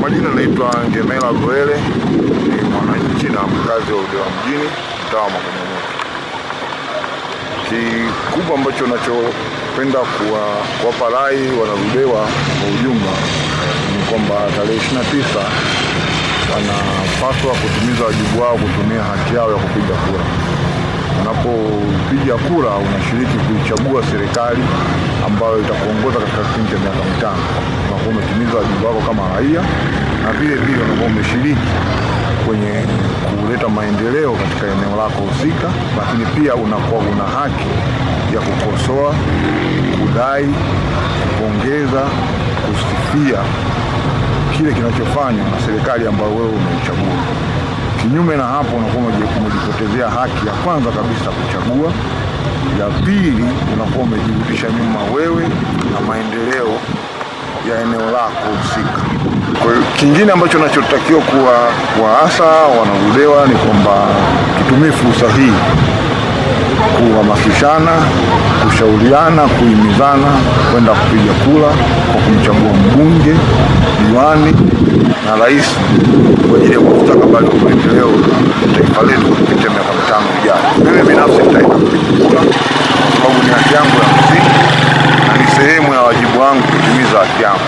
majina naitwa Ngemela Goele, ni mwananchi na mkazi wa Udewa mjini, mtaa wa Makunyamoto. Kikubwa ambacho nachopenda kuwapa rai wanarudewa kwa ujumla ni kwamba tarehe ishirini na tisa wanapaswa kutimiza wajibu wao kutumia haki yao ya kupiga kura. Unapopiga kura, unashiriki kuichagua serikali ambayo itakuongoza katika kipindi cha miaka mitano unakuwa umetimiza wajibu wako kama raia, na vile vile unakuwa umeshiriki kwenye kuleta maendeleo katika eneo lako husika, lakini pia unakuwa una haki ya kukosoa, kudai, kupongeza, kusifia kile kinachofanywa na serikali ambayo wewe umeichagua. Kinyume na hapo, unakuwa umejipotezea haki ya kwanza kabisa kuchagua, ya pili unakuwa umejirudisha nyuma wewe wala husika. Kwa hiyo kingine ambacho nachotakiwa kuwa hasa wanaludewa ni kwamba tutumie fursa hii kuhamasishana, kushauriana, kuhimizana kwenda kupiga kura kwa kumchagua mbunge, diwani na rais kwa ajili ya mustakabali wa maendeleo ya taifa letu kupitia miaka mitano ijayo. Mimi binafsi nitaenda rồi chào